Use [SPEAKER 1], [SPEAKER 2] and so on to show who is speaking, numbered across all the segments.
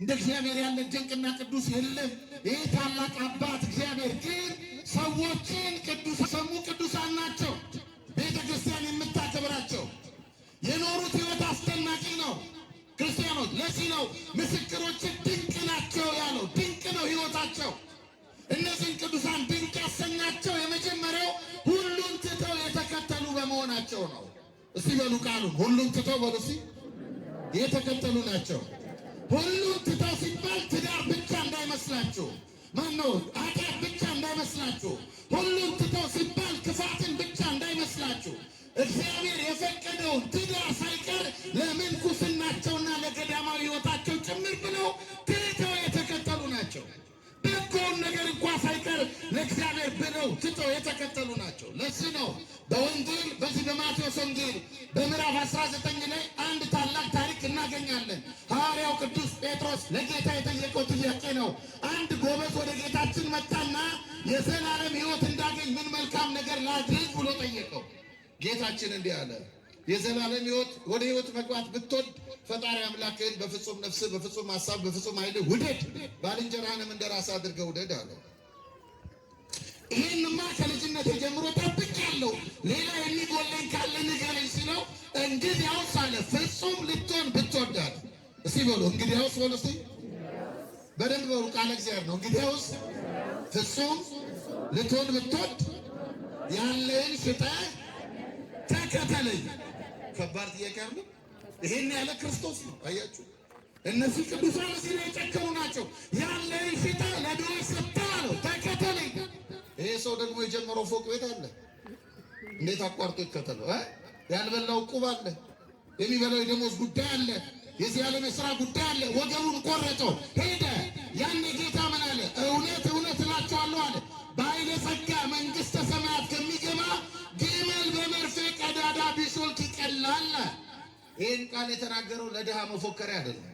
[SPEAKER 1] እንደ እግዚአብሔር ያለ ድንቅና ቅዱስ የለም። ይህ ታላቅ አባት እግዚአብሔር ግን ሰዎችን ቅዱስ ሰሙ ቅዱሳን ናቸው። ቤተ ክርስቲያን የምታከብራቸው የኖሩት ሕይወት አስደናቂ ነው። ክርስቲያኖች ለዚህ ነው ምስክሮች ድንቅ ናቸው ያለው። ድንቅ ነው ሕይወታቸው። እነዚህን ቅዱሳን ድንቅ ያሰኛቸው የመጀመሪያው ሁሉን ትተው የተከተሉ በመሆናቸው ነው። እስቲ በሉ ቃሉን ሁሉን ትተው በሉ እስቲ የተከተሉ ናቸው ሁሉን ትቶ ሲባል ትዳር ብቻ እንዳይመስላችሁ፣ ማነው ኃጢአት ብቻ እንዳይመስላችሁ። ሁሉን ትቶ ሲባል ክፋትን ብቻ እንዳይመስላችሁ። እግዚአብሔር የፈቀደውን ትዳር ሳይቀር ለምንኩስናቸውና ለገዳማዊ ሕይወታቸው ጭምር ብለው ትተው የተከተሉ ናቸው። በጎውን ነገር እንኳ ሳይቀር ለእግዚአብሔር ብለው ትተው የተከተሉ ናቸው። ለዚህ ነው በወንጌል በዚህ በማቴዎስ ወንጌል በምዕራፍ 19 ላይ አንድ ነው። አንድ ጎበዝ ወደ ጌታችን መጣና የዘላለም ሕይወት እንዳገኝ ምን መልካም ነገር ላድርግ ብሎ ጠየቀው። ጌታችን እንዲህ አለ፣ የዘላለም ሕይወት ወደ ሕይወት መግባት ብትወድ ፈጣሪ አምላክህን በፍጹም ነፍስ፣ በፍጹም ሀሳብ፣ በፍጹም ኃይል ውደድ፣ ባልንጀራህንም እንደ ራስ አድርገህ ውደድ አለው። ይህንማ ከልጅነት ጀምሮ ጠብቄያለሁ፣ ሌላ የሚጎለኝ ካለ ንገረኝ ሲለው እንግዲያውስ አለ ፍጹም ልትሆን ብትወዳል። እስቲ በሉ እንግዲያውስ በሉ እስቲ በደንብ በሩ ቃለ እግዚአብሔር ነው። እንግዲያውስ ፍጹም ልትሆን ብትወድ ያለህን ሽጠህ ተከተለኝ። ከባድ ጥያቄ አለ። ይሄን ያለ ክርስቶስ ነው። አያችሁ፣ እነዚህ ቅዱሳን ሲል የጨከሩ ናቸው። ያለህን ሽጠህ ለድሆ ሰጥተህ አለው ተከተለኝ። ይሄ ሰው ደግሞ የጀመረው ፎቅ ቤት አለ። እንዴት አቋርጦ ይከተለው? ያልበላው ዕቁብ አለ። የሚበላው የደሞዝ ጉዳይ አለ። የዚህ ዓለም የሥራ ጉዳይ አለ። ወገቡን ቆረጠው ሄደ። ያኔ ጌታ ምን አለ? እውነት እውነት እላችኋለሁ አለ በኃይለ ጸጋ መንግሥተ ሰማያት ከሚገባ ግመል በመርፌ ቀዳዳ ቢሾልክ ይቀላል። ይህን ቃል የተናገረው ለድሃ መፎከሪያ አይደለም።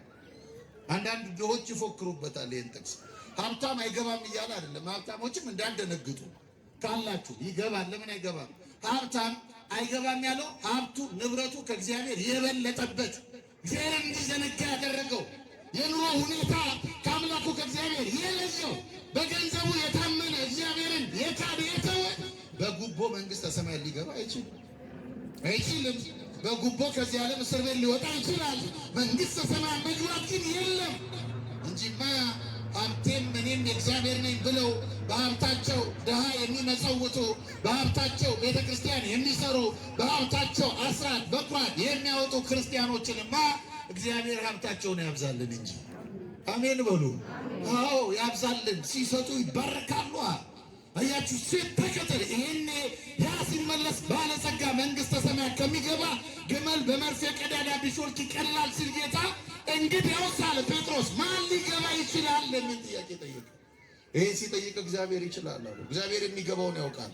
[SPEAKER 1] አንዳንድ ድሆች ይፎክሩበታል። ይህን ጥቅስ ሀብታም አይገባም እያለ አይደለም። ሀብታሞችም እንዳልደነግጡ ካላችሁ ይገባል። ለምን አይገባም? ሀብታም አይገባም ያለው ሀብቱ ንብረቱ ከእግዚአብሔር የበለጠበት እግዚአብሔር እንዲዘነጋ ያደረገው የኑሮ ሁኔታ ከአምላኩ ከእግዚአብሔር የለየው በገንዘቡ የታመነ እግዚአብሔርን የካደ የተወ በጉቦ መንግሥተ ሰማይ ሊገባ አይችልም አይችልም። በጉቦ ከዚህ ዓለም እስር ቤት ሊወጣ ይችላል። መንግሥተ ሰማይ መግባት ግን የለም እንጂማ ሀብቴም እኔም የእግዚአብሔር ነኝ ብለው በሀብታቸው ድሃ የሚመጸውቱ በሀብታቸው ቤተ ክርስቲያን የሚሰሩ በሀብታቸው አስራት በኩራት የሚያወጡ ክርስቲያኖችንማ እግዚአብሔር ሀብታቸውን ያብዛልን እንጂ አሜን በሉ። አዎ ያብዛልን። ሲሰጡ ይባረካሉ። አያችሁ፣ ሴት ተከተል። ይህኔ ያ ሲመለስ ባለጸጋ መንግሥተ ሰማያት ከሚገባ ግመል በመርፌ ቀዳዳ ቢሾልክ ይቀላል ሲል ጌታ እንግዲያውስ አለ ጴጥሮስ ማን ሊገባ ይችላል? ለምን ጥያቄ ጠየቀ። ይህን ሲጠይቅ እግዚአብሔር ይችላል አሉ። እግዚአብሔር የሚገባውን ያውቃል።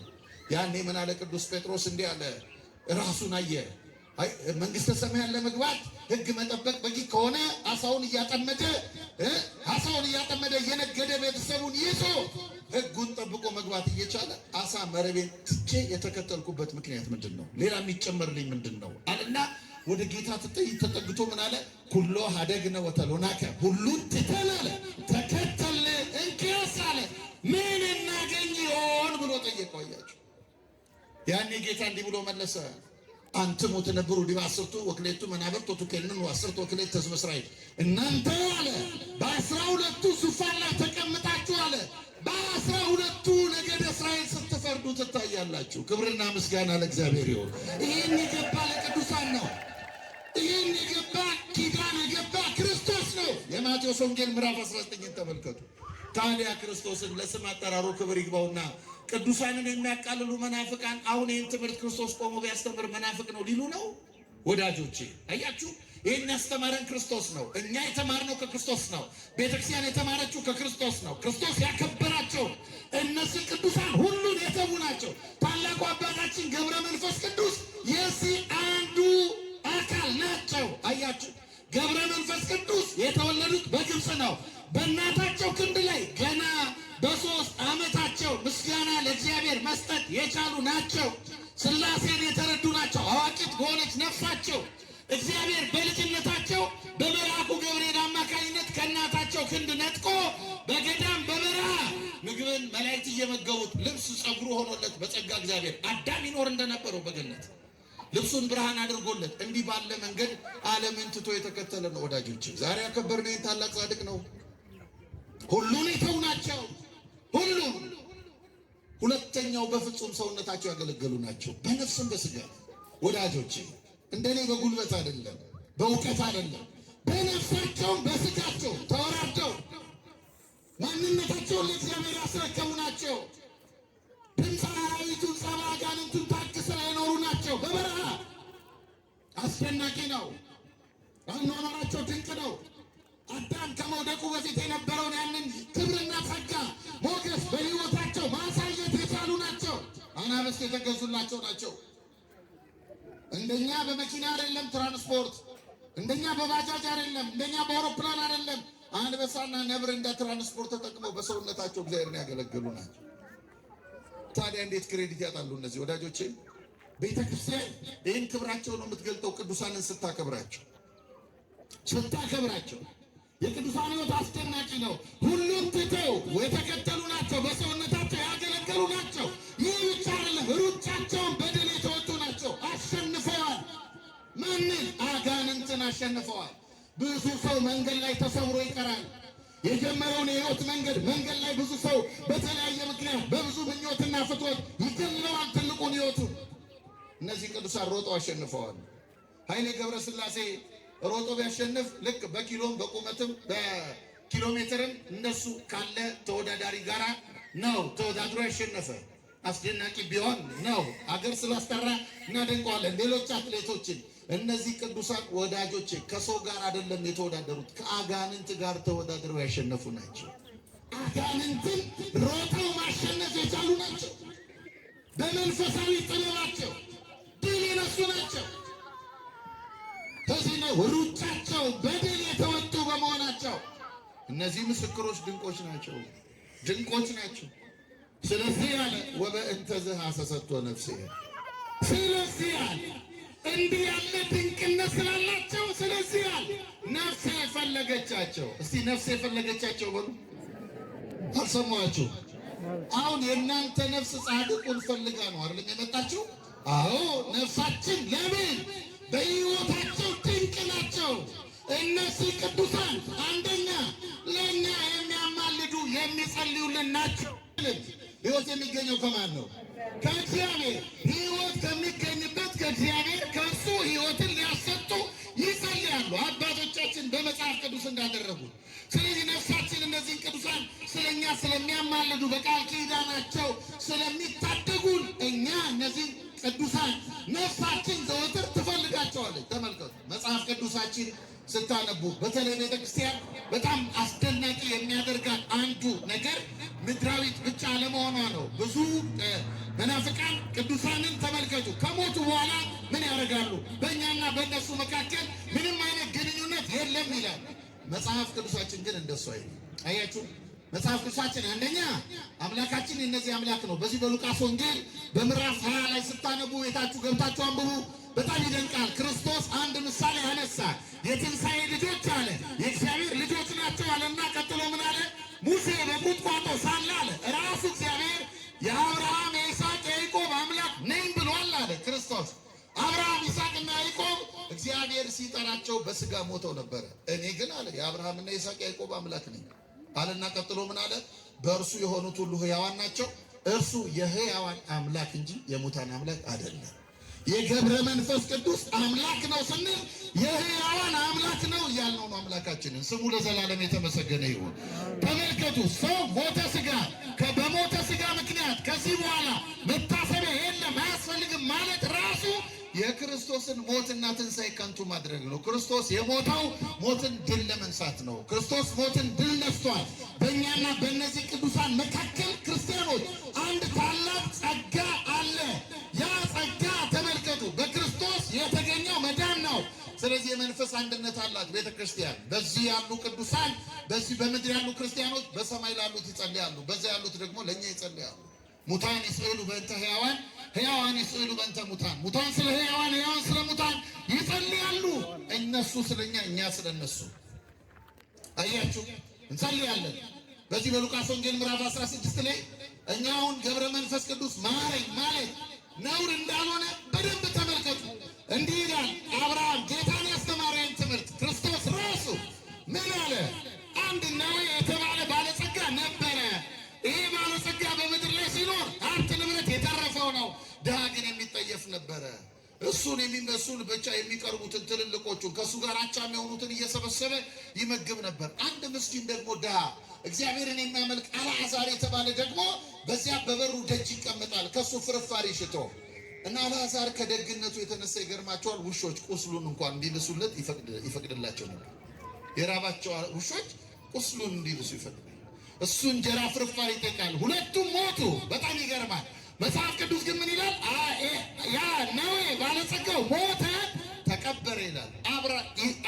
[SPEAKER 1] ያኔ ምን አለ ቅዱስ ጴጥሮስ? እንዲህ አለ ራሱን አየ መንግስተ ሰማያን ለመግባት ህግ መጠበቅ በቂ ከሆነ አሳውን እያጠመደ አሳውን እያጠመደ የነገደ ቤተሰቡን ይዞ ህጉን ጠብቆ መግባት እየቻለ አሳ መረቤን ትቼ የተከተልኩበት ምክንያት ምንድን ነው? ሌላ የሚጨመርልኝ ምንድን ነው አለና ወደ ጌታ ተጠግቶ ምን አለ? ኩሎ ሀደግ ነው ወተሎናከ ሁሉን ትተል አለ ተከተል እንኪያስ አለ ምን እናገኝ ይሆን ብሎ ጠየቀው። አያችሁ ያኔ ጌታ እንዲህ ብሎ መለሰ። አንትሙ ትነብሩ ዲበ አስርቱ ወክሌቱ መናብርት ወትኬልልን አስርቱ ወክሌት ህዝበ እስራኤል እናንተ አለ በአስራ ሁለቱ ዙፋን ላይ ተቀምጣችሁ አለ በአስራ ሁለቱ ነገድ እስራኤል ስትፈርዱ ትታያላችሁ። ክብርና ምስጋና ለእግዚአብሔር ይሁን። ይህን የገባ ለቅዱሳን ነው። ይህን የገባ ኪዳን የገባ ክርስቶስ ነው። የማቴዎስ ወንጌል ምዕራፍ 19 ተመልከቱ። ታዲያ ክርስቶስን ለስም አጠራሩ ክብር ይግባውና ቅዱሳንን የሚያቃልሉ መናፍቃን አሁን ይህን ትምህርት ክርስቶስ ቆሞ ቢያስተምር መናፍቅ ነው ሊሉ ነው። ወዳጆቼ አያችሁ፣ ይህን ያስተማረን ክርስቶስ ነው። እኛ የተማርነው ከክርስቶስ ነው። ቤተክርስቲያን የተማረችው ከክርስቶስ ነው። ክርስቶስ ያከበራቸው እነዚህ ቅዱሳን ሁሉን የተቡ ናቸው። ታላቁ አባታችን ገብረ መንፈስ ቅዱስ የዚህ አንዱ አካል ናቸው። አያችሁ፣ ገብረ መንፈስ ቅዱስ የተወለዱት በግብፅ ነው። በእናታቸው ክንድ ላይ ገና በሶስት ዓመታቸው ምስጋና ለእግዚአብሔር መስጠት የቻሉ ናቸው። ሥላሴን የተረዱ ናቸው። አዋቂት በሆነች ነፍሳቸው እግዚአብሔር በልጅነታቸው በመልአኩ ገብርኤል አማካኝነት ከእናታቸው ክንድ ነጥቆ በገዳም በበረሃ ምግብን መላእክት እየመገቡት ልብስ ጸጉሩ ሆኖለት በጸጋ እግዚአብሔር አዳም ይኖር እንደነበረው በገነት ልብሱን ብርሃን አድርጎለት እንዲህ ባለ መንገድ ዓለምን ትቶ የተከተለ ነው። ወዳጆች ዛሬ ያከበርነው ታላቅ ጻድቅ ነው። ሁለተኛው በፍጹም ሰውነታቸው ያገለገሉ ናቸው፣ በነፍስም በስጋ ወዳጆች፣ እንደኔ በጉልበት አይደለም፣ በእውቀት አይደለም፣ በነፍሳቸውም በስጋቸው ተወራደው ማንነታቸውን ለእግዚአብሔር ያስረከቡ ናቸው። ድምፅ አራዊቱን ጸባ አጋንንቱን ታግሰው የኖሩ ናቸው በበረሃ። አስደናቂ ነው። አኗኗራቸው ድንቅ ነው። አዳም ከመውደቁ በፊት የነበረውን ያንን ክብርና ጸጋ ሞገስ በሕይወት በቅና በስት የተገዙላቸው ናቸው። እንደኛ በመኪና አይደለም ትራንስፖርት፣ እንደኛ በባጃጅ አይደለም፣ እንደኛ በአውሮፕላን አይደለም። አንበሳና ነብር እንደ ትራንስፖርት ተጠቅመው በሰውነታቸው እግዚአብሔርን ያገለገሉ ናቸው። ታዲያ እንዴት ክሬዲት ያጣሉ እነዚህ ወዳጆቼ? ቤተ ክርስቲያን ይህን ክብራቸው ነው የምትገልጠው። ቅዱሳንን ስታከብራቸው ስታከብራቸው የቅዱሳን ሕይወት አስደናቂ ነው። ሁሉም ትተው የተከተሉ ናቸው፣ በሰውነታቸው ያገለገሉ ናቸው። ይህ ሩጫቸውን በድል የተወጡ ናቸው። አሸንፈዋል። ማንን? አጋንንትን አሸንፈዋል። ብዙ ሰው መንገድ ላይ ተሰውሮ ይቀራል። የጀመረውን የህይወት መንገድ መንገድ ላይ ብዙ ሰው በተለያየ ምክንያት በብዙ ምኞትና ፍትወት ይጀምረዋል ትልቁን ሕይወቱ። እነዚህ ቅዱሳን ሮጦ አሸንፈዋል። ኃይሌ ገብረስላሴ ሮጦ ቢያሸንፍ ልክ በኪሎም በቁመትም በኪሎ ሜትርም እነሱ ካለ ተወዳዳሪ ጋራ ነው ተወዳድሮ ያሸነፈ። አስደናቂ ቢሆን ነው። አገር ስላስጠራ እናደንቀዋለን። ሌሎች አትሌቶችን እነዚህ ቅዱሳን ወዳጆች ከሰው ጋር አይደለም የተወዳደሩት፣ ከአጋንንት ጋር ተወዳድረው ያሸነፉ ናቸው። አጋንንትን ሮጠው ማሸነፍ የቻሉ ናቸው። በመንፈሳዊ ጥበባቸው ድል የነሱ ናቸው። ተዚነ ሩጫቸው በድል የተወጡ በመሆናቸው እነዚህ ምስክሮች ድንቆች ናቸው፣ ድንቆች ናቸው። ስለዚህ አለ ወበእንተዝህ አሰሰቶ ነፍሴ ስለዚህ አለ እንዲህ ያለ ድንቅነት ስላላቸው ስለዚህ አለ ነፍሴ የፈለገቻቸው። እስቲ ነፍሴ የፈለገቻቸው በሉ አልሰማኋችሁ። አሁን የእናንተ ነፍስ ጻድቁን ፈልጋ ነው አይደለም የመጣችሁ? አዎ ነፍሳችን ለምን በሕይወታቸው ድንቅ ናቸው እነዚህ ቅዱሳን። አንደኛ ለእኛ የሚያማልዱ የሚጸልዩልን ናቸው። ህይወት የሚገኘው ከማን ነው? ከእግዚአብሔር። ህይወት ከሚገኝበት ከእግዚአብሔር ከእሱ ህይወትን ሊያሰጡ ይጸልያሉ አባቶቻችን በመጽሐፍ ቅዱስ እንዳደረጉ። ስለዚህ ነፍሳችን እነዚህን ቅዱሳን ስለኛ ስለሚያማልዱ በቃል ኪዳናቸው ስለሚታደጉን እኛ እነዚህን ቅዱሳን ነፍሳችን ዘወትር ትፈልጋቸዋለች። ተመልከቱ መጽሐፍ ቅዱሳችን ስታነቡ በተለይ ቤተክርስቲያን በጣም ቁጥቋጦ ሳለ አለ ራሱ እግዚአብሔር የአብርሃም የይስሐቅ የያዕቆብ አምላክ ነኝ ብሏል አለ ክርስቶስ። አብርሃም ይስሐቅና ያዕቆብ እግዚአብሔር ሲጠራቸው በስጋ ሞተው ነበረ። እኔ ግን አለ የአብርሃምና የይስሐቅ የያዕቆብ አምላክ ነኝ አለና ቀጥሎ ምን አለ? በእርሱ የሆኑት ሁሉ ህያዋን ናቸው። እርሱ የህያዋን አምላክ እንጂ የሙታን አምላክ አይደለም። የገብረ መንፈስ ቅዱስ አምላክ ነው ስንል የህያዋን አምላክ ነው እያልነው ነው። አምላካችንን ስሙ ለዘላለም የተመሰገነ ይሁን። ተመልከቱ፣ ሰው ሞተ ስጋ በሞተ ስጋ ምክንያት ከዚህ በኋላ መታሰቢያ የለም አያስፈልግም ማለት ራሱ የክርስቶስን ሞትና ትንሣኤ ከንቱ ማድረግ ነው። ክርስቶስ የሞተው ሞትን ድል ለመንሳት ነው። ክርስቶስ ሞትን ድል ነስቷል። በእኛና በእነዚህ ቅዱሳን መካከል ክርስቲያኖች አንድ ታላቅ ጸጋ ስለዚህ የመንፈስ አንድነት አላት ቤተ ክርስቲያን። በዚህ ያሉ ቅዱሳን በዚህ በምድር ያሉ ክርስቲያኖች በሰማይ ላሉት ይጸልያሉ፣ በዚያ ያሉት ደግሞ ለእኛ ይጸልያሉ። ሙታን ይስዕሉ በእንተ ሕያዋን፣ ሕያዋን ይስዕሉ በእንተ ሙታን። ሙታን ስለ ሕያዋን፣ ሕያዋን ስለ ሙታን ይጸልያሉ። እነሱ ስለ እኛ፣ እኛ ስለ እነሱ። አያችሁ እንጸልያለን። በዚህ በሉቃስ ወንጌል ምዕራፍ 16 ላይ እኛ አሁን ገብረ መንፈስ ቅዱስ ማረኝ ማለት ነውር እንዳልሆነ በደንብ ተመልከቱ። እንዲህ ይላል ምን አለ? አንድ ናዌ የተባለ ባለጸጋ ነበረ። ይህ ባለጸጋ በምድር ላይ ሲኖር ሀብተ ንብረት የተረፈው ነው። ድሃ ግን የሚጠየፍ ነበረ። እሱን የሚመስሉን ብቻ የሚቀርቡትን ትልልቆቹን ከእሱ ጋር አቻም የሆኑትን እየሰበሰበ ይመግብ ነበር። አንድ ምስኪን ደግሞ ድሃ እግዚአብሔርን የሚያመልክ አልዓዛር የተባለ ደግሞ በዚያ በበሩ ደጅ ይቀመጣል፣ ከእሱ ፍርፋሪ ሽቶ እና አልዓዛር ከደግነቱ የተነሳ ይገርማቸዋል። ውሾች ቁስሉን እንኳን እንዲልሱለት ይፈቅድላቸው ነበር። የራባቸው ውሾች ቁስሉን እንዲልሱ ይፈልጋል። እሱ እንጀራ ፍርፋር ይጠቃል። ሁለቱም ሞቱ። በጣም ይገርማል። መጽሐፍ ቅዱስ ግን ምን ይላል? ያ ነዌ ባለጸጋው ሞተ ተቀበረ ይላል።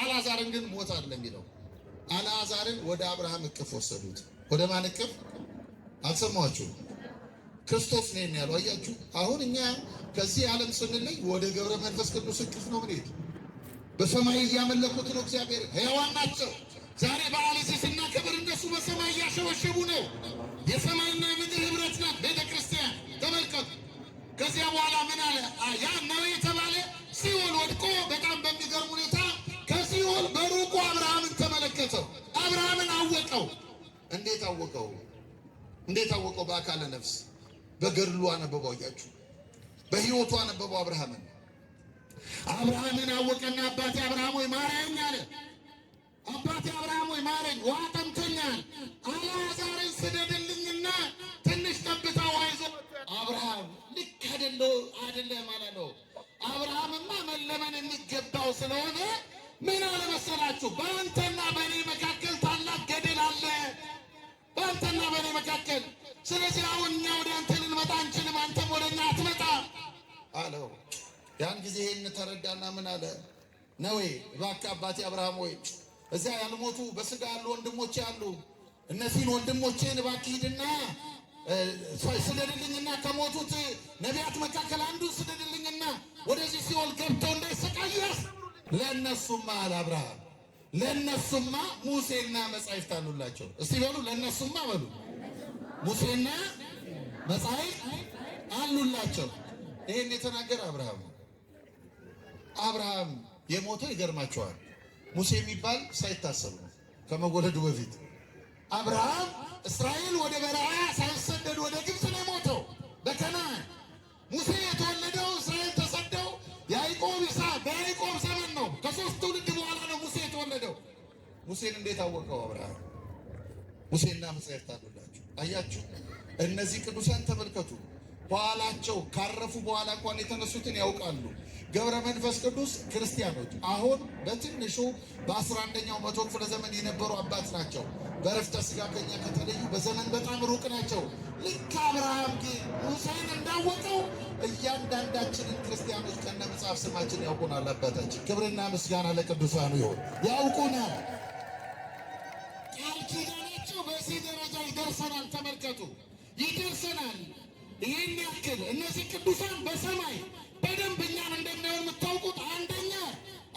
[SPEAKER 1] አልዓዛርን ግን ሞት አለ የሚለው አልዓዛርን ወደ አብርሃም እቅፍ ወሰዱት። ወደ ማን እቅፍ? አልሰማችሁ? ክርስቶስ ነው ያሉ አያችሁ። አሁን እኛ ከዚህ ዓለም ስንለይ ወደ ገብረ መንፈስ ቅዱስ እቅፍ ነው ምንሄድ በሰማይ እያመለኩት ነው። እግዚአብሔር ሕያዋን ናቸው። ዛሬ በዓለ ሲስና ክብር እነሱ በሰማይ እያሸበሸቡ ነው። የሰማይና የምድር ህብረት ናት ቤተ ክርስቲያን። ተመልከቱ። ከዚያ በኋላ ምን አለ? ያ ነው የተባለ ሲኦል ወድቆ በጣም በሚገርም ሁኔታ ከሲኦል በሩቁ አብርሃምን ተመለከተው። አብርሃምን አወቀው። እንዴት አወቀው? እንዴት አወቀው? በአካለ ነፍስ በገድሉ አነበበው። አያችሁ፣ በህይወቱ አነበበው አብርሃምን አብርሃምን አወቀና አባቴ አብርሃም ሆይ ማረኝ አለ። አባቴ አብርሃም ሆይ ማረኝ፣ ውሃ ጠምቶኛል፣ አልዓዛርን ስደድልኝና ትንሽ ጠብታ ዋይዞ አብርሃም ልክ አደለው አደለም አላለው። አብርሃምማ መለመን የሚገባው ስለሆነ ምን አለመሰላችሁ በአንተና በእኔ መካከል ታላቅ ገደል አለ፣ በአንተና በእኔ መካከል። ስለዚህ አሁን እኛ ወደ አንተ ልንመጣ አንችልም፣ አንተም ወደ እኛ አትመጣ አለው። ያን ጊዜ ይሄን ተረዳና ምን አለ? ነዌ እባክህ አባቴ አብርሃም ወይ እዚያ ያልሞቱ በስጋ ያሉ ወንድሞች አሉ። እነዚህን ወንድሞቼን እባክህ ሂድና ስደድልኝና ከሞቱት ነቢያት መካከል አንዱ ስደድልኝና ወደዚህ ሲኦል ገብተው እንዳይሰቃዩ ያስ ለእነሱማ አለ አብርሃም ለእነሱማ ሙሴና መጻሕፍት አሉላቸው። እስቲ በሉ ለእነሱማ በሉ ሙሴና መጻሕፍት አሉላቸው። ይህን የተናገረ አብርሃም አብርሃም የሞተው ይገርማቸዋል። ሙሴ የሚባል ሳይታሰብ ነው ከመወለዱ በፊት አብርሃም እስራኤል ወደ በረሃ ሳይሰደድ ወደ ግብፅ ነው የሞተው በከናን ሙሴ የተወለደው እስራኤል ተሰደው ያዕቆብ ይሳ በያዕቆብ ዘመን ነው። ከሶስት ትውልድ በኋላ ነው ሙሴ የተወለደው። ሙሴን እንዴት አወቀው አብርሃም? ሙሴና መጽሐፍ ታሉላችሁ። አያችሁ፣ እነዚህ ቅዱሳን ተመልከቱ። በኋላቸው ካረፉ በኋላ እንኳን የተነሱትን ያውቃሉ። ገብረ መንፈስ ቅዱስ ክርስቲያኖች አሁን በትንሹ በ በ11ኛው መቶ ክፍለ ዘመን የነበሩ አባት ናቸው። በረፍተ ስጋ ከኛ ከተለዩ በዘመን በጣም ሩቅ ናቸው። ልክ አብርሃም ሙሴን እንዳወቀው እያንዳንዳችንን ክርስቲያኖች ከነ መጽሐፍ ስማችን ያውቁናል። አባታችን ክብርና ምስጋና ለቅዱሳኑ ይሆን። ያውቁናል። ቃል ኪዳናቸው በዚህ ደረጃ ይደርሰናል። ተመልከቱ፣ ይደርሰናል። ይህን ያክል እነዚህ ቅዱሳን በሰማይ በደንብ እኛን እንደሚሆን የምታውቁት አንደኛ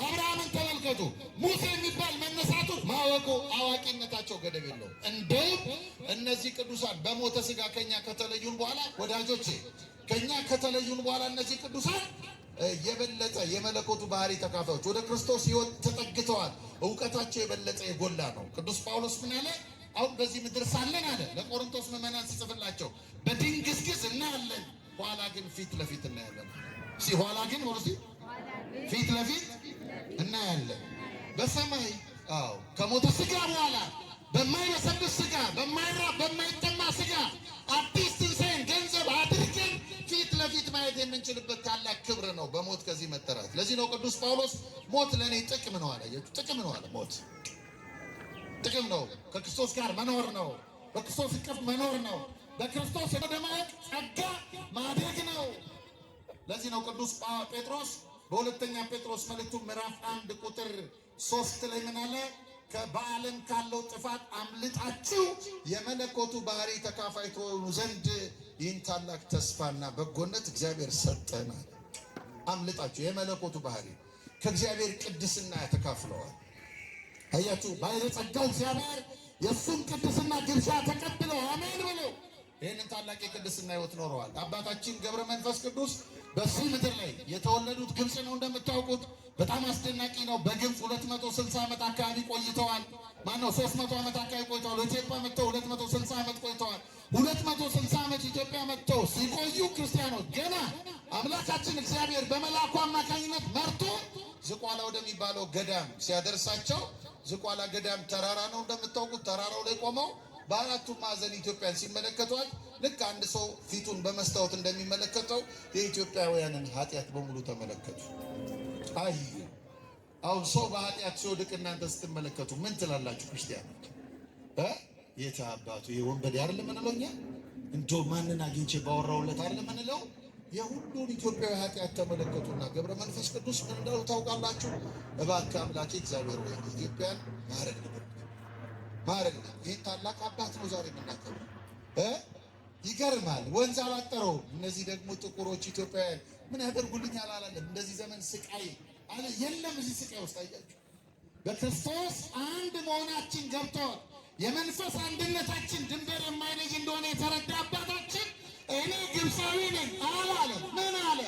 [SPEAKER 1] አብርሃምን ተመልከቱ። ሙሴ የሚባል መነሳቱ ማወቁ አዋቂነታቸው ገደብ የለው። እንደውም እነዚህ ቅዱሳን በሞተ ስጋ ከኛ ከተለዩን በኋላ ወዳጆቼ፣ ከኛ ከተለዩን በኋላ እነዚህ ቅዱሳን የበለጠ የመለኮቱ ባህሪ ተካፋዮች ወደ ክርስቶስ ሕይወት ተጠግተዋል። እውቀታቸው የበለጠ የጎላ ነው። ቅዱስ ጳውሎስ ምን አለ? አሁን በዚህ ምድር ሳለን አለ ለቆሮንቶስ ምዕመናን ሲጽፍላቸው በድንግዝግዝ እናያለን፣ በኋላ ግን ፊት ለፊት እናያለን። ኋላ ግን ወርሲ ፊት ለፊት እናያለን። በሰማይ አዎ፣ ከሞቱ ስጋ በኋላ በማይበሰብስ ስጋ፣ በማይራብ በማይጠማ ስጋ አዲስ ትንሣኤን ገንዘብ አድርገን ፊት ለፊት ማየት የምንችልበት ታላቅ ክብር ነው በሞት ከዚህ መጠራት። ለዚህ ነው ቅዱስ ጳውሎስ ሞት ለእኔ ጥቅም ነው አለ። ጥቅም ነው አለ። ሞት ጥቅም ነው። ከክርስቶስ ጋር መኖር ነው። በክርስቶስ እቅፍ መኖር ነው። በክርስቶስ ወደ ማወቅ ጸጋ ማደግ ነው። ለዚህ ነው ቅዱስ ጴጥሮስ በሁለተኛ ጴጥሮስ መልእክቱ ምዕራፍ አንድ ቁጥር ሶስት ላይ ምን አለ? በዓለም ካለው ጥፋት አምልጣችሁ የመለኮቱ ባህሪ ተካፋይ ትሆኑ ዘንድ ይህን ታላቅ ተስፋና በጎነት እግዚአብሔር ሰጠናል። አምልጣችሁ የመለኮቱ ባህሪ ከእግዚአብሔር ቅድስና ተካፍለዋል። አያችሁ፣ ባለጸጋው እግዚአብሔር የእሱን ቅድስና ግብዣ ተቀብለው አሜን ብለው ይህንን ታላቅ የቅድስና ሕይወት ኖረዋል። አባታችን ገብረ መንፈስ ቅዱስ በዚህ ምድር ላይ የተወለዱት ግብፅ ነው። እንደምታውቁት በጣም አስደናቂ ነው። በግብፅ 260 ዓመት አካባቢ ቆይተዋል። ማነው 300 ዓመት አካባቢ ቆይተዋል። ኢትዮጵያ መጥተው 260 ዓመት ቆይተዋል። 260 ዓመት ኢትዮጵያ መጥተው ሲቆዩ ክርስቲያኖች ገና አምላካችን እግዚአብሔር በመልአኩ አማካኝነት መርቶ ዝቋላ ወደሚባለው ገዳም ሲያደርሳቸው ዝቋላ ገዳም ተራራ ነው እንደምታውቁት። ተራራው ላይ ቆመው በአራቱም ማዕዘን ኢትዮጵያን ሲመለከቷል ልክ አንድ ሰው ፊቱን በመስታወት እንደሚመለከተው የኢትዮጵያውያንን ኃጢአት በሙሉ ተመለከቱ። አይ አሁን ሰው በኃጢአት ሲወድቅ እናንተ ስትመለከቱ ምን ትላላችሁ? ክርስቲያኖች የታ አባቱ ይሄ ወንበዴ አይደል ምንለው? እኛ እንዶ ማንን አግኝቼ ባወራውለት አይደል ምንለው? የሁሉን ኢትዮጵያዊ ኃጢአት ተመለከቱና ገብረ መንፈስ ቅዱስ ምን እንዳሉ ታውቃላችሁ። እባክህ አምላኬ እግዚአብሔር ወይ ኢትዮጵያን ማረግ ባርና ይህን ታላቅ አባት ነው ዛሬ የምናከብረው። ይገርማል። ወንዝ አላጠረውም። እነዚህ ደግሞ ጥቁሮች ኢትዮጵያውያን ምን ያደርጉልኝ አላለም። እንደዚህ ዘመን ስቃይ አለ የለም። እዚህ ስቃይ ውስጥ አያችሁ፣ በክርስቶስ አንድ መሆናችን ገብተዋል። የመንፈስ አንድነታችን ድንበር የማይለይ እንደሆነ የተረዳ አባታችን እኔ ግብፃዊ ነኝ አላለ። ምን አለ?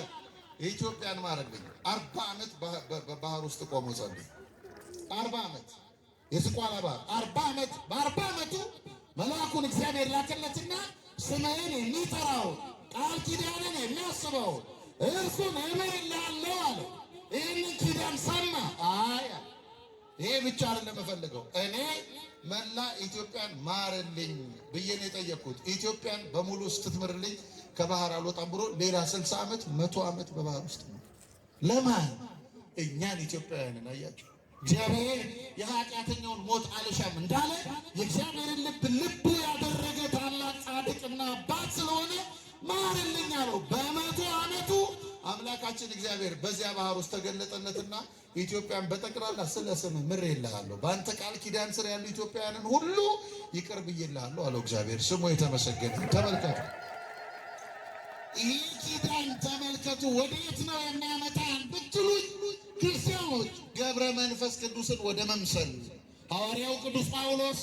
[SPEAKER 1] የኢትዮጵያን ማረልኝ። አርባ ዓመት በባህር ውስጥ ቆሞ ጸለየ። አርባ ዓመት የስቋላ ባል አርባ ዓመት በአርባ ዓመቱ መልአኩን እግዚአብሔር ላከለትና ስምህን ቃል ኪዳንን እርሱን አለ። ይህንን ኪዳን ሰማ። ይሄ ብቻ አይደለም የምፈልገው እኔ መላ ኢትዮጵያን ማርልኝ ብዬ ነው የጠየቅኩት። ኢትዮጵያን በሙሉ ስትትምርልኝ ከባህር አልወጣም ብሎ ሌላ ስልሳ ዓመት መቶ ዓመት በባህር ውስጥ ነው። ለማን እኛን ኢትዮጵያውያንን አያቸው እግዚአብሔር የኃጢአተኛውን ሞት አልሻም እንዳለ የእግዚአብሔርን ልብ ልብ ያደረገ ታላቅ ጻድቅና አባት ስለሆነ ማርልኛ ነው። በመቶ ዓመቱ አምላካችን እግዚአብሔር በዚያ ባህር ውስጥ ተገለጠለትና ኢትዮጵያን በጠቅላላ ስለ ስምህ ምሬልሃለሁ፣ በአንተ ቃል ኪዳን ስር ያሉ ኢትዮጵያውያንን ሁሉ ይቅር ብዬልሃለሁ አለው። እግዚአብሔር ስሙ የተመሰገነ። ተመልከቱ፣ ይህ ኪዳን ተመልከቱ፣ ወዴት ነው የሚያመጣን ብትሉኝ ክርስቲያኖች ገብረ መንፈስ ቅዱስን ወደ መምሰል ሐዋርያው ቅዱስ ጳውሎስ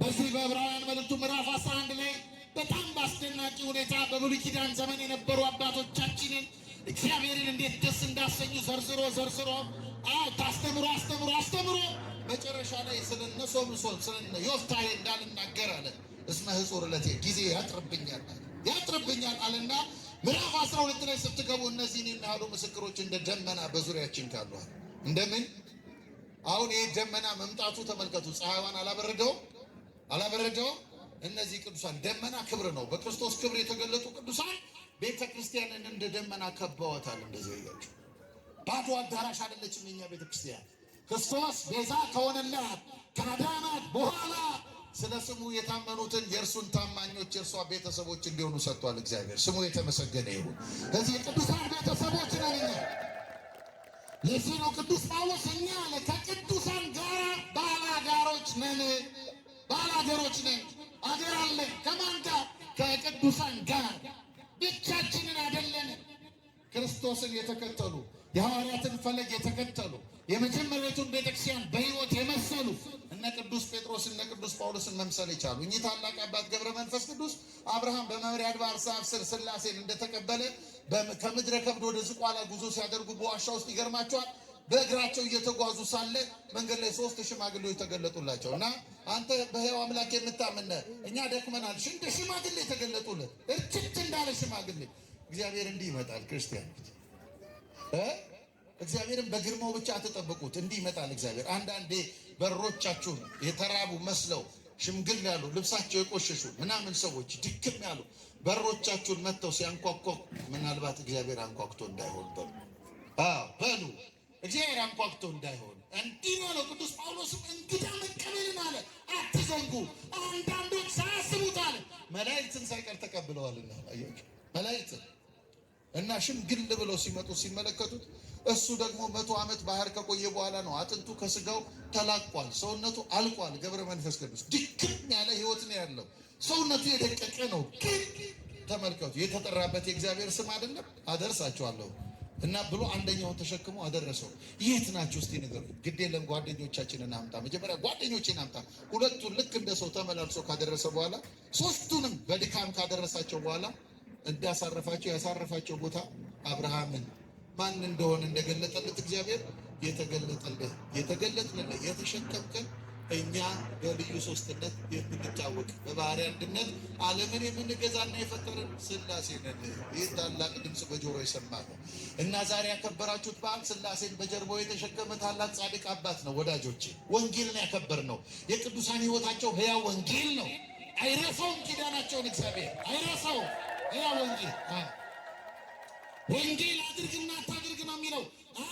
[SPEAKER 1] በዚህ በዕብራውያን መልእክቱ ምዕራፍ 11 ላይ በጣም በአስደናቂ ሁኔታ በብሉይ ኪዳን ዘመን የነበሩ አባቶቻችንን እግዚአብሔርን እንዴት ደስ እንዳሰኙ ዘርዝሮ ዘርዝሮ አስተምሮ አስተምሮ አስተምሮ መጨረሻ ላይ ስለነ ሶምሶን ስለነ ዮፍታሔ እንዳልናገር አለ። እስመ ሕጹር ለቴ ጊዜ ያጥርብኛል ያጥርብኛል አለና ምዕራፍ አስራ ሁለት ላይ ስትገቡ እነዚህ እኔን ምስክሮች እንደ ደመና በዙሪያችን ካሏል። እንደምን አሁን ይህ ደመና መምጣቱ ተመልከቱ። ፀሐይዋን አላበረደውም አላበረደውም። እነዚህ ቅዱሳን ደመና ክብር ነው። በክርስቶስ ክብር የተገለጡ ቅዱሳን ቤተ ክርስቲያንን እንደ ደመና ከበዋታል። እንደዚህ ያያችሁ ባዶ አዳራሽ አይደለችም የኛ ቤተ ክርስቲያን ክርስቶስ ቤዛ ከሆነላት ከአዳናት በኋላ ስለ ስሙ የታመኑትን የእርሱን ታማኞች የእርሷ ቤተሰቦች እንዲሆኑ ሰጥቷል። እግዚአብሔር ስሙ የተመሰገነ ይሁን። እዚህ የቅዱሳን ቤተሰቦች ነን እኛ። ለዚህ ነው ቅዱስ ጳውሎስ እኛ አለ ከቅዱሳን ጋር ባላጋሮች ነን፣ ባላገሮች ነን። አገር አለ ከማን ጋር? ከቅዱሳን ጋር። ብቻችንን አይደለን። ክርስቶስን የተከተሉ የሐዋርያትን ፈለግ የተከተሉ የመጀመሪያቱን ቤተክርስቲያን በሕይወት የመሰሉ እነ ቅዱስ ጴጥሮስ እነ ቅዱስ ጳውሎስን መምሰል የቻሉ እኚህ ታላቅ አባት ገብረ መንፈስ ቅዱስ አብርሃም በመምሪያ አድባር ሰብ ስር ስላሴን እንደተቀበለ ከምድረ ከብድ ወደ ዝቋላ ጉዞ ሲያደርጉ በዋሻ ውስጥ ይገርማቸዋል። በእግራቸው እየተጓዙ ሳለ መንገድ ላይ ሶስት ሽማግሌዎች ተገለጡላቸው እና አንተ በሕያው አምላክ የምታምነ እኛ ደክመናል። ሽንድ ሽማግሌ ተገለጡልን፣ እርችት እንዳለ ሽማግሌ እግዚአብሔር እንዲህ ይመጣል። ክርስቲያኖች እግዚአብሔርን በግርማው ብቻ አትጠብቁት። እንዲህ ይመጣል እግዚአብሔር አንዳንዴ በሮቻችሁ የተራቡ መስለው ሽምግል ያሉ ልብሳቸው የቆሸሹ ምናምን ሰዎች ድክም ያሉ በሮቻችሁን መጥተው ሲያንኳኳ ምናልባት እግዚአብሔር አንኳክቶ እንዳይሆን በሉ በሉ እግዚአብሔር አንኳኩቶ እንዳይሆን። እንዲህ ነው ቅዱስ ጳውሎስም እንግዳ መቀበልን አለ አትዘንጉ። አንዳንዶች ሳያስቡት አለ መላእክትን ሳይቀር ተቀብለዋልና መላእክትን እና ሽምግል ብለው ሲመጡ ሲመለከቱት እሱ ደግሞ መቶ ዓመት ባህር ከቆየ በኋላ ነው። አጥንቱ ከስጋው ተላቋል። ሰውነቱ አልቋል። ገብረ መንፈስ ቅዱስ ድክም ያለ ህይወት ነው ያለው። ሰውነቱ የደቀቀ ነው። ግን ተመልከቱ፣ የተጠራበት የእግዚአብሔር ስም አይደለም። አደርሳቸዋለሁ እና ብሎ አንደኛውን ተሸክሞ አደረሰው። የት ናቸው እስቲ ንገሩ። ግድ የለም ጓደኞቻችንን አምጣ፣ መጀመሪያ ጓደኞችን አምጣ። ሁለቱን ልክ እንደ ሰው ተመላልሶ ካደረሰ በኋላ ሶስቱንም በድካም ካደረሳቸው በኋላ እንዳሳረፋቸው ያሳረፋቸው ቦታ አብርሃምን ማን እንደሆነ እንደገለጠለት እግዚአብሔር የተገለጠልህ የተገለጥንልህ የተሸከምከን እኛ በልዩ ሶስትነት የምንታወቅ በባህሪ አንድነት ዓለምን የምንገዛና የፈጠርን ስላሴ ነን። ይህ ታላቅ ድምፅ በጆሮ ነው እና ዛሬ ያከበራችሁት በዓል ስላሴን በጀርባው የተሸከመ ታላቅ ጻድቅ አባት ነው። ወዳጆቼ ወንጌልን ያከበር ነው። የቅዱሳን ህይወታቸው ህያ ወንጌል ነው። አይረሳውም። ኪዳናቸውን እግዚአብሔር አይረሳውም። ሕያው ወንጌል ወንጌል አድርግና አታድርግ ነው የሚለው።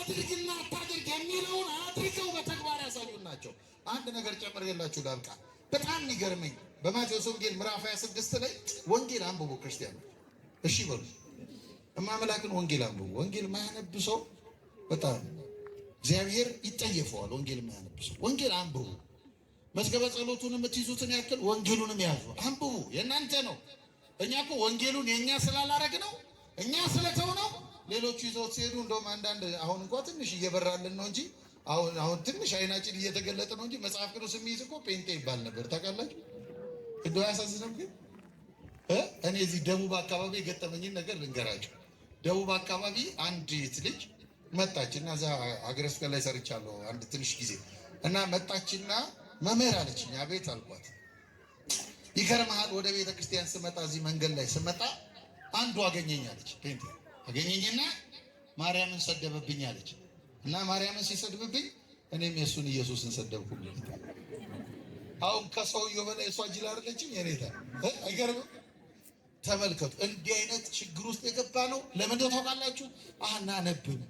[SPEAKER 1] አድርግና አታድርግ የሚለውን አድርገው በተግባር ያሳዩን ናቸው። አንድ ነገር ጨምሬላችሁ ላብቃ። በጣም ይገርመኝ። በማቴዎስ ወንጌል ምዕራፍ 26 ላይ ወንጌል አንብቡ ክርስቲያኑ፣ እሺ በሉ እማመላክን ወንጌል አንብቡ። ወንጌል የማያነብ ሰው በጣም እግዚአብሔር ይጠየፈዋል። ወንጌል የማያነብ ሰው ወንጌል አንብቡ። መዝገበ ጸሎቱን የምትይዙትን ያክል ወንጌሉንም ያዙ፣ አንብቡ። የእናንተ ነው። እኛ እኮ ወንጌሉን የእኛ ስላላረግ ነው እኛ ስለተው ነው ሌሎቹ ይዘውት ሲሄዱ እንደውም አንዳንድ አሁን እንኳ ትንሽ እየበራልን ነው እንጂ አሁን አሁን ትንሽ አይናችን እየተገለጠ ነው እንጂ መጽሐፍ ቅዱስ የሚይዝ እኮ ጴንጤ ይባል ነበር ታውቃላችሁ። እንደው አያሳዝንም? ግን እኔ እዚህ ደቡብ አካባቢ የገጠመኝን ነገር ልንገራችሁ። ደቡብ አካባቢ አንዲት ልጅ መጣችና እዛ ሀገረ ስብከት ላይ ሰርቻለሁ አንድ ትንሽ ጊዜ እና መጣችና መምህር አለችኝ። አቤት አልኳት። ይገርምሃል፣ ወደ ቤተ ክርስቲያን ስመጣ እዚህ መንገድ ላይ ስመጣ አንዱ አገኘኝ አለች። አገኘኝና ማርያምን ሰደበብኝ አለች። እና ማርያምን ሲሰድብብኝ እኔም የእሱን ኢየሱስን ሰደብኩልኝ። አሁን ከሰውየው በላይ እሷ ጅል አይደለችም? የኔታ አይገርምም? ተመልከቱ። እንዲህ አይነት ችግር ውስጥ የገባ ነው። ለምን እንደው ታውቃላችሁ? አናነብም፣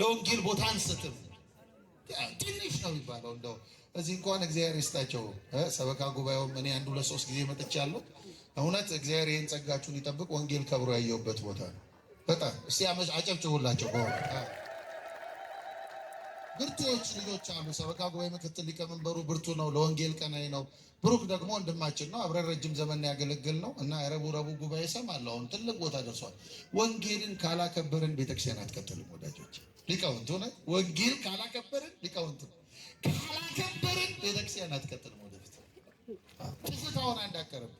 [SPEAKER 1] ለወንጌል ቦታ አንስትም። ትንሽ ነው የሚባለው። እንደው እዚህ እንኳን እግዚአብሔር ይስጣቸው። ሰበካ ጉባኤውም እኔ አንዱ ለሶስት ሶስት ጊዜ መጥቻለሁ። እውነት እግዚአብሔር ጸጋችሁን ይጠብቅ። ወንጌል ከብሮ ያየሁበት ቦታ ነው። በጣም እስቲ አጨብጭቡላቸው። ብርቱዎች ልጆች አሉ። ሰበካ ጉባኤ ምክትል ሊቀመንበሩ ብርቱ ነው፣ ለወንጌል ቀናይ ነው። ብሩክ ደግሞ ወንድማችን ነው፣ አብረን ረጅም ዘመን ያገለግል ነው እና ረቡዕ ረቡዕ ጉባኤ እሰማለሁ። አሁን ትልቅ ቦታ ደርሷል። ወንጌልን ካላከበርን ቤተክርስቲያን አትቀጥልም። ወዳጆች ሊቃውንት፣ እውነት ወንጌል ካላከበርን ሊቃውንት ካላከበርን ቤተክርስቲያን አትቀጥልም። ወደፊት ትዝታውን አንዳከረብ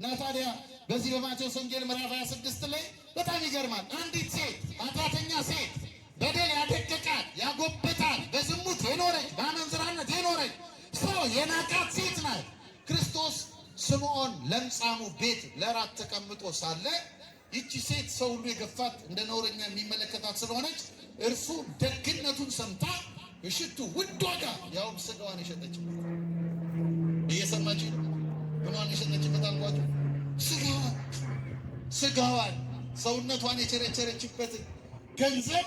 [SPEAKER 1] እና ታዲያ በዚህ በማቴዎስ ወንጌል ምዕራፍ 26 ላይ በጣም ይገርማል። አንዲት ሴት አጣተኛ ሴት በደል ያደቀቃት ያጎበጣል፣ በዝሙት የኖረች በአመንዝራነት የኖረች ሰው የናቃት ሴት ናት። ክርስቶስ ስምዖን ለምጻሙ ቤት ለራት ተቀምጦ ሳለ ይቺ ሴት ሰው ሁሉ የገፋት እንደ ነውረኛ የሚመለከታት ስለሆነች እርሱ ደግነቱን ሰምታ የሽቱ ውድ ዋጋ ያውም ስጋዋን የሸጠች እየሰማች ምኗን የሸነችበት አልኳቸው። ስጋዋን ስጋዋን ሰውነቷን የቸረቸረችበትን ገንዘብ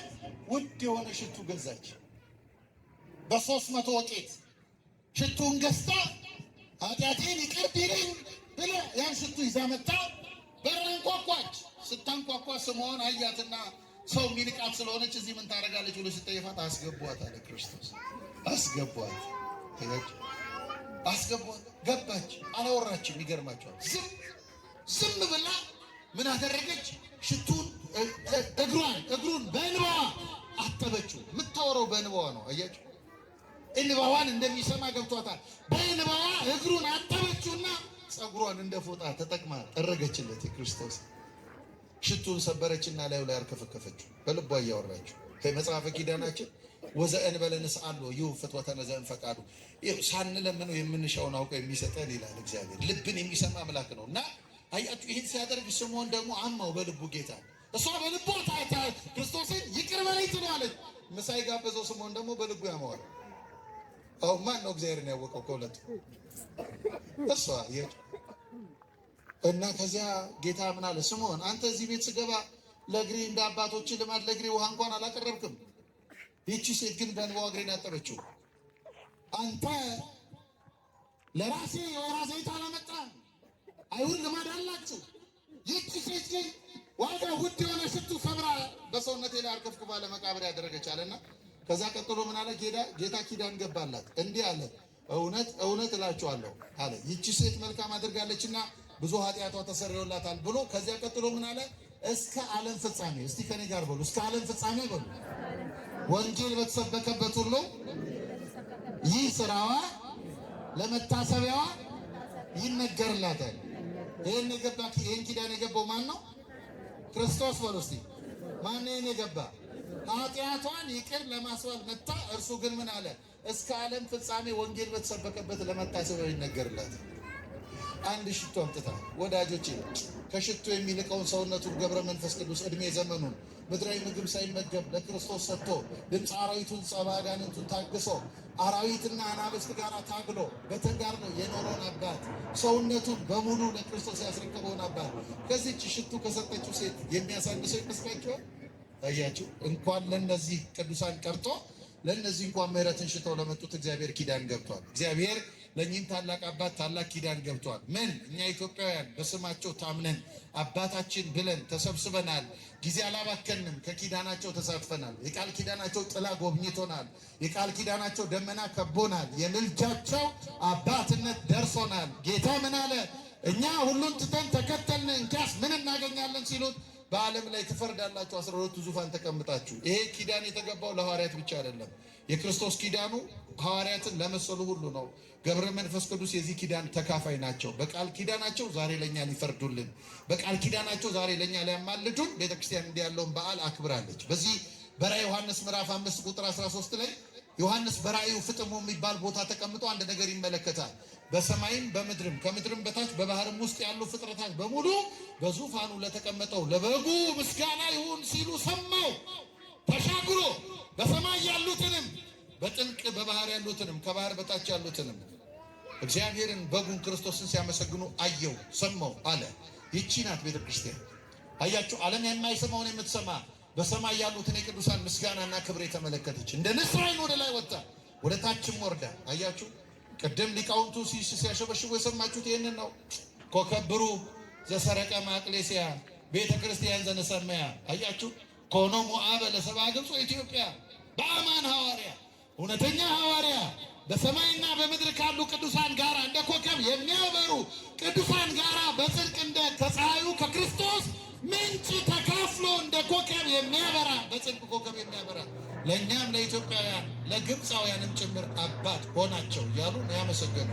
[SPEAKER 1] ውድ የሆነ ሽቱ ገዛች። በሶስት መቶ ወቄት ሽቱን ገዝታ ኃጢአቴን ይቅር ቢለኝ ብላ ያን ሽቱ ይዛ መጣ። በርን ቋቋች። ስታንቋቋ ስምዖን አያትና ሰው ሚንቃት ስለሆነች እዚህ ምን ታደርጋለች ብሎ ሲጠየፋት አስገቧት አለ ክርስቶስ። አስገቧት አስገቧት። ገባች፣ አላወራችም። ይገርማቸዋል። ዝም ዝም ብላ ምን አደረገች? ሽቱን እግሯን እግሩን በእንባዋ አተበችው። የምታወራው በእንባዋ ነው። አያችሁ፣ እንባዋን እንደሚሰማ ገብቷታል። በእንባዋ እግሩን አተበችውና ጸጉሯን እንደ ፎጣ ተጠቅማ ጠረገችለት። የክርስቶስ ሽቱን ሰበረችና ላዩ ላይ አርከፈከፈችው። በልቧ እያወራችው መጽሐፈ ኪዳናችን ወዘእን በለንስ አሉ ይሁ ፍትወተነ ዘእንፈቃዱ ሳንለምነው የምንሻውን አውቀው የሚሰጠን ይላል እግዚአብሔር። ልብን የሚሰማ አምላክ ነው እና አያችሁ፣ ይህን ሲያደርግ ስምዖን ደግሞ አማው በልቡ ጌታ። እሷ በልቡ ታታ ክርስቶስን ይቅር በለኝ ትለዋለች። ምሳ የጋበዘው ስምዖን ደግሞ በልቡ ያማዋል። አሁን ማን ነው እግዚአብሔርን ያወቀው ከሁለቱ? እሷ እና ከዚያ ጌታ ምን አለ? ስምዖን አንተ እዚህ ቤት ስገባ ለእግሬ እንደ አባቶች ልማድ ለእግሬ ውሃ እንኳን አላቀረብክም ይቺ ሴት ግን በእንባዋ እግሬን አጠበችው። አንተ ለራሴ የወራ ዘይት አላመጣ አይሁን ልማድ አላችሁ። ይቺ ሴት ግን ዋጋ ውድ የሆነ ሽቱ ሰብራ በሰውነቴ ላይ አርከፍኩ ባለ መቃብር አለና፣ ከዛ ቀጥሎ ምን አለ? ጌታ ኪዳን ገባላት እንዲህ አለ፣ እውነት እውነት እላችኋለሁ አለ፣ ይቺ ሴት መልካም አድርጋለችና ብዙ ኃጢአቷ ተሰርዮላታል ብሎ ከዚያ ቀጥሎ ምን አለ? እስከ ዓለም ፍጻሜ። እስቲ ከኔ ጋር በሉ፣ እስከ ዓለም ፍጻሜ በሉ። ወንጌል በተሰበከበት ሁሉ ይህ ስራዋ ለመታሰቢያዋ ይነገርላታል። ይህን የገባ ይህን ኪዳን የገባው ማን ነው? ክርስቶስ በሉ ማን ይህን የገባ? ኃጢአቷን ይቅር ለማስባል መታ። እርሱ ግን ምን አለ? እስከ ዓለም ፍጻሜ ወንጌል በተሰበከበት ለመታሰቢያው ይነገርላት። አንድ ሽቶ አምጥታ ወዳጆቼ፣ ከሽቶ የሚልቀውን ሰውነቱን ገብረ መንፈስ ቅዱስ እድሜ ዘመኑን ምድራዊ ምግብ ሳይመገብ ለክርስቶስ ሰጥቶ ድምፅ አራዊቱን ጸባጋንንቱን ታግሶ አራዊትና አናብስት ጋር ታግሎ በተጋር ነው የኖረውን አባት ሰውነቱን በሙሉ ለክርስቶስ ያስረከበውን አባት ከዚች ሽቱ ከሰጠችው ሴት የሚያሳንሰው ይመስላችኋል? ታያችሁ። እንኳን ለነዚህ ቅዱሳን ቀርቶ ለእነዚህ እንኳን ምሕረትን ሽተው ለመጡት እግዚአብሔር ኪዳን ገብቷል። እግዚአብሔር ለእኚህም ታላቅ አባት ታላቅ ኪዳን ገብቷል። ምን እኛ ኢትዮጵያውያን በስማቸው ታምነን አባታችን ብለን ተሰብስበናል። ጊዜ አላባከንም። ከኪዳናቸው ተሳትፈናል። የቃል ኪዳናቸው ጥላ ጎብኝቶናል። የቃል ኪዳናቸው ደመና ከቦናል። የምልጃቸው አባትነት ደርሶናል። ጌታ ምን አለ? እኛ ሁሉን ትተን ተከተልን፣ እንኪያስ ምን እናገኛለን ሲሉት በዓለም ላይ ትፈርዳላችሁ አስራ ሁለቱ ዙፋን ተቀምጣችሁ። ይሄ ኪዳን የተገባው ለሐዋርያት ብቻ አይደለም። የክርስቶስ ኪዳኑ ሐዋርያትን ለመሰሉ ሁሉ ነው። ገብረ መንፈስ ቅዱስ የዚህ ኪዳን ተካፋይ ናቸው። በቃል ኪዳናቸው ዛሬ ለእኛ ሊፈርዱልን፣ በቃል ኪዳናቸው ዛሬ ለእኛ ሊያማልዱን ቤተክርስቲያን እንዲህ ያለውን በዓል አክብራለች። በዚህ በራእየ ዮሐንስ ምዕራፍ አምስት ቁጥር 13 ላይ ዮሐንስ በራእዩ ፍጥሞ የሚባል ቦታ ተቀምጦ አንድ ነገር ይመለከታል። በሰማይም በምድርም ከምድርም በታች በባህርም ውስጥ ያሉ ፍጥረታት በሙሉ በዙፋኑ ለተቀመጠው ለበጉ ምስጋና ይሁን ሲሉ ሰማው። ተሻግሮ በሰማይ ያሉትንም በጥልቅ በባህር ያሉትንም ከባህር በታች ያሉትንም እግዚአብሔርን በጉን ክርስቶስን ሲያመሰግኑ አየው ሰማው አለ። ይቺ ናት ቤተ ክርስቲያን። አያችሁ፣ ዓለም የማይሰማውን የምትሰማ በሰማይ ያሉትን የቅዱሳን ምስጋናና ክብር የተመለከተች እንደ ንስራይን ወደ ላይ ወጣ፣ ወደ ታችም ወርዳ። አያችሁ፣ ቅድም ሊቃውንቱ ሲያሸበሽቡ የሰማችሁት ይህንን ነው። ኮከብሩ ዘሰረቀ ማቅሌሲያ ቤተ ክርስቲያን ዘነሰማያ። አያችሁ፣ ኮኖ ሞአበ ለሰብአ ግብፅ ኢትዮጵያ በአማን ሐዋርያ እውነተኛ ሐዋርያ በሰማይና በምድር ካሉ ቅዱሳን ጋር እንደ ኮከብ የሚያበሩ ቅዱሳን ጋር በጽድቅ እንደ ከፀሐዩ ከክርስቶስ ምንጭ ተካፍሎ እንደ ኮከብ የሚያበራ በጽድቅ ኮከብ የሚያበራ ለእኛም ለኢትዮጵያውያን ለግብፃውያንም ጭምር አባት ሆናቸው እያሉ ነው ያመሰገኑ።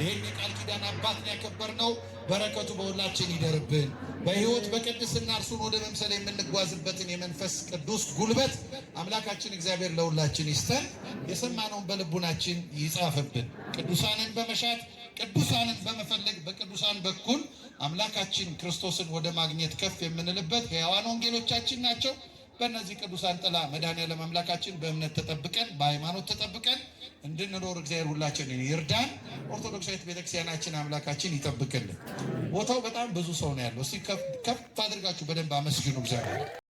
[SPEAKER 1] ይህን የቃል ኪዳን አባትን ያከበርነው በረከቱ በሁላችን ይደርብን። በህይወት በቅድስና እርሱን ወደ መምሰል የምንጓዝበትን የመንፈስ ቅዱስ ጉልበት አምላካችን እግዚአብሔር ለሁላችን ይስተን የሰማነውን በልቡናችን ይጻፍብን። ቅዱሳንን በመሻት ቅዱሳንን በመፈለግ በቅዱሳን በኩል አምላካችን ክርስቶስን ወደ ማግኘት ከፍ የምንልበት ሕያዋን ወንጌሎቻችን ናቸው። በእነዚህ ቅዱሳን ጥላ መድኃኔዓለም አምላካችን በእምነት ተጠብቀን በሃይማኖት ተጠብቀን እንድንኖር እግዚአብሔር ሁላችንን ይርዳን። ኦርቶዶክሳዊት ቤተክርስቲያናችን አምላካችን ይጠብቅልን። ቦታው በጣም ብዙ ሰው ነው ያለው። እስኪ ከፍ አድርጋችሁ በደንብ አመስግኑ እግዚአብሔር